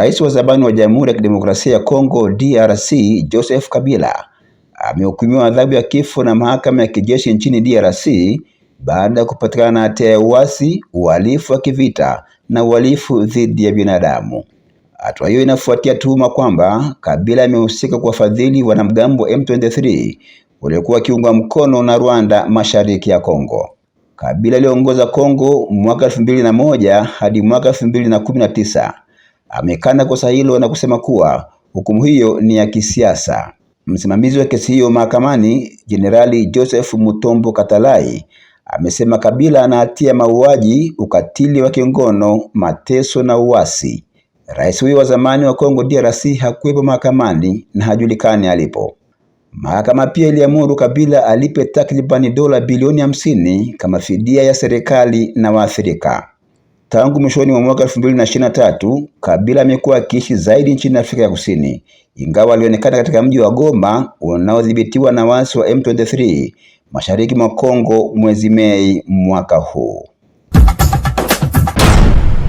Rais wa zamani wa Jamhuri ya Kidemokrasia ya Kongo DRC Joseph Kabila amehukumiwa adhabu ya kifo na mahakama ya kijeshi nchini DRC baada ya kupatikana na hatia ya uasi, uhalifu wa kivita na uhalifu dhidi ya binadamu. Hatua hiyo inafuatia tuhuma kwamba Kabila amehusika kuwafadhili wanamgambo M23 waliokuwa wakiungwa mkono na Rwanda mashariki ya Kongo. Kabila aliongoza Kongo mwaka elfu mbili na moja hadi mwaka elfu mbili na kumi na tisa amekana kosa hilo na kusema kuwa hukumu hiyo ni ya kisiasa. Msimamizi wa kesi hiyo mahakamani, Jenerali Joseph Mutombo Katalai amesema Kabila ana hatia mauaji, ukatili wa kingono, mateso na uasi. Rais huyo wa zamani wa Kongo DRC hakuwepo mahakamani na hajulikani alipo. Mahakama pia iliamuru Kabila alipe takribani dola bilioni hamsini kama fidia ya serikali na waathirika. Tangu mwishoni mwa mwaka 2023, Kabila amekuwa akiishi zaidi nchini Afrika ya Kusini, ingawa alionekana katika mji wa Goma unaodhibitiwa na waasi wa M23 mashariki mwa Kongo mwezi Mei mwaka huu.